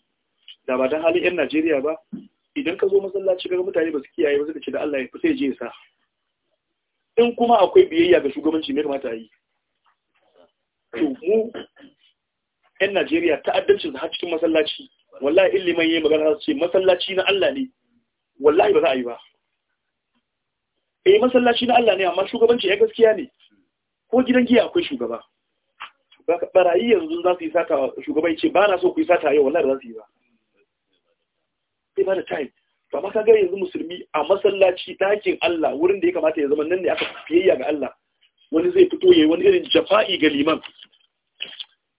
da ba don halin yan Najeriya ba idan ka zo masallaci kaga mutane ba su kiyaye ba su da ce da Allah ya fita je sa in kuma akwai biyayya ga shugabanci ne kamata a yi to mu 'yan Najeriya ta'addancin su har cikin masallaci wallahi in liman yayi magana su ce masallaci na Allah ne wallahi ba za a yi ba eh masallaci na Allah ne amma shugabanci ya gaskiya ne ko gidan giya akwai shugaba barayi yanzu za su yi sata ya ce ba na so ku yi sata yau wallahi za su yi ba sai ba da time ba ma kaga yanzu musulmi a masallaci ɗakin Allah wurin da ya kamata ya zama nan ne aka fiyayya ga Allah wani zai fito yayi wani irin jafa'i ga liman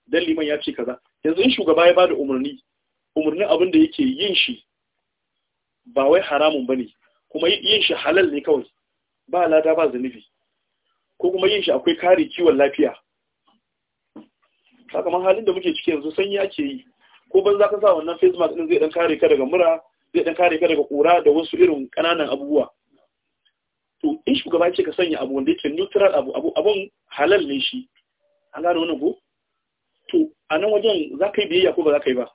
dan liman ya ce kaza yanzu in shugaba ya bada umarni umarnin abin da yake yin shi ba wai haramun bane kuma yin shi halal ne kawai ba lada ba zanubi ko kuma yin shi akwai kare kiwon lafiya sakamakon halin da muke ciki yanzu sanyi ake yi ko ban za ka sa wannan face mask din zai dan kare ka daga mura zai dan kare ka daga kura da wasu irin kananan abubuwa to in shugaba ce ka sanya abu wanda yake neutral abu abun halal ne shi an gane wannan ko a nan wajen za ka yi biyayya ko ba za ka yi ba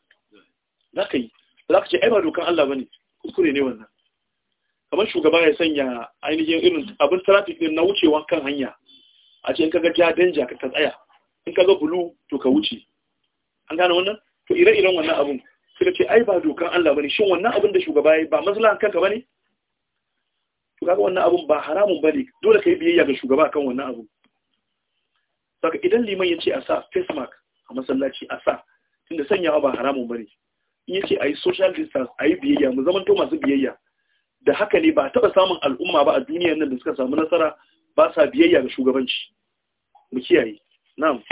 za ka yi ba za ka ce ai ba dokan Allah ba ne kuskure ne wannan kamar shugaba ya sanya ainihin irin abin trafik din na wucewa kan hanya a ce in ka ga ja danja ka tsaya in ka ga bulu to ka wuce an gane wannan to ire-iren wannan abun suka ce ai ba dokan Allah bane shin wannan abin da shugaba ya ba maslahan kanka bane to kaga wannan abun ba haramun bane dole ka yi biyayya ga shugaba kan wannan abun saka idan liman ya ce a sa face mask a masallaci a sa tunda sanyawa ba haramun bane in yace ayi social distance ayi biyayya mu to masu biyayya da haka ne ba a taba samun al'umma ba a duniyar nan da suka samu nasara ba sa biyayya ga shugabanci mu kiyaye na'am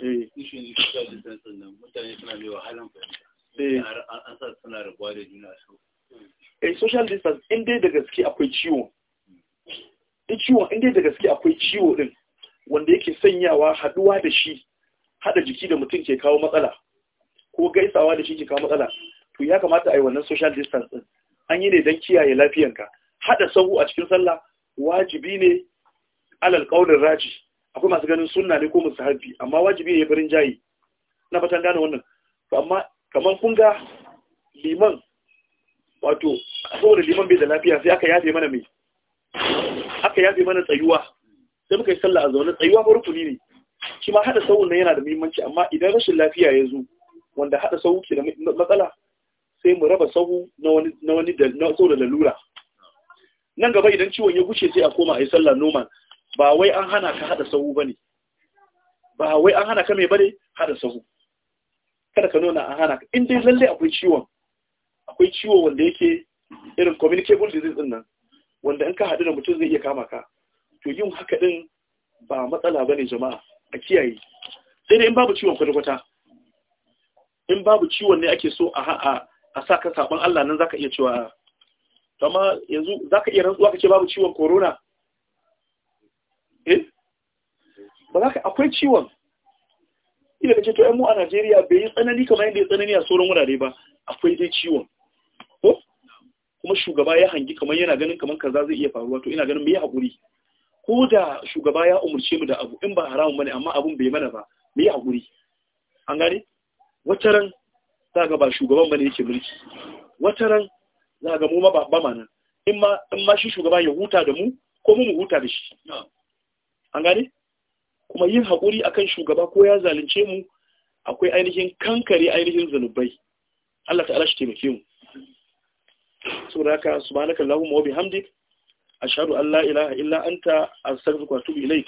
eh social distance nan mutane suna mai wahalan fahimta eh. an sa suna rabuwa da juna so a eh, social distance in dai da gaske akwai ciwo in ciwon in dai da gaske akwai ciwo din wanda yake sanyawa haduwa da shi haɗa jiki da mutum ke kawo matsala ko gaisawa da shi ke kawo matsala to ya kamata a yi wannan social distance ɗin an yi ne don kiyaye lafiyanka haɗa sahu a cikin sallah wajibi ne alal ƙaunin raji akwai masu ganin sunna ne ko musu haifi, amma wajibi ne ya farin jayi na fatan gane wannan amma kamar kun ga liman wato saboda liman bai da lafiya sai aka yafe mana mai aka yafe mana tsayuwa sai muka yi sallah a zaune tsayuwa ba rukuni ne shi ma haɗa sauwun nan yana da muhimmanci amma idan rashin lafiya ya zo wanda haɗa sauwu ke da matsala sai mu raba sauwu na wani na da lalura nan gaba idan ciwon ya guce sai a koma a yi sallah normal ba wai an hana ka haɗa sauwu ne, ba wai an hana ka mai bane haɗa sauwu kada ka nuna an hana ka in dai lalle akwai ciwon akwai ciwo wanda yake irin communicable disease din nan wanda in ka haɗu da mutum zai iya kama ka to yin haka din ba matsala bane jama'a a kiyaye sai dai in babu ciwon kwata-kwata in babu ciwon ne ake so a ha'a a sa ka saban Allah nan zaka iya cewa amma yanzu zaka iya rantsuwa kace babu ciwon corona eh ba zaka ka akwai ciwon ina kace to mu a Najeriya bai yi tsanani kamar yadda ya tsanani a sauran wurare ba akwai dai ciwon ko kuma shugaba ya hangi kamar yana ganin kamar kaza zai iya faruwa to ina ganin me ya hakuri ko da shugaba ya umarce mu da abu in ba haramun bane amma abun bai mana ba me yi hakuri. an gane wata ran za ga ba shugaban bane yake mulki wata ran za ga mu ma ba ma nan in ma in ma shi shugaba ya huta da mu ko mu mu huta da shi an gane kuma yin haƙuri akan shugaba ko ya zalunce mu akwai ainihin kankare ainihin zanubai Allah ta'ala shi taimake mu saboda haka subhanakallahumma wa bihamdika A an la ilaha illa anta astaghfiruka wa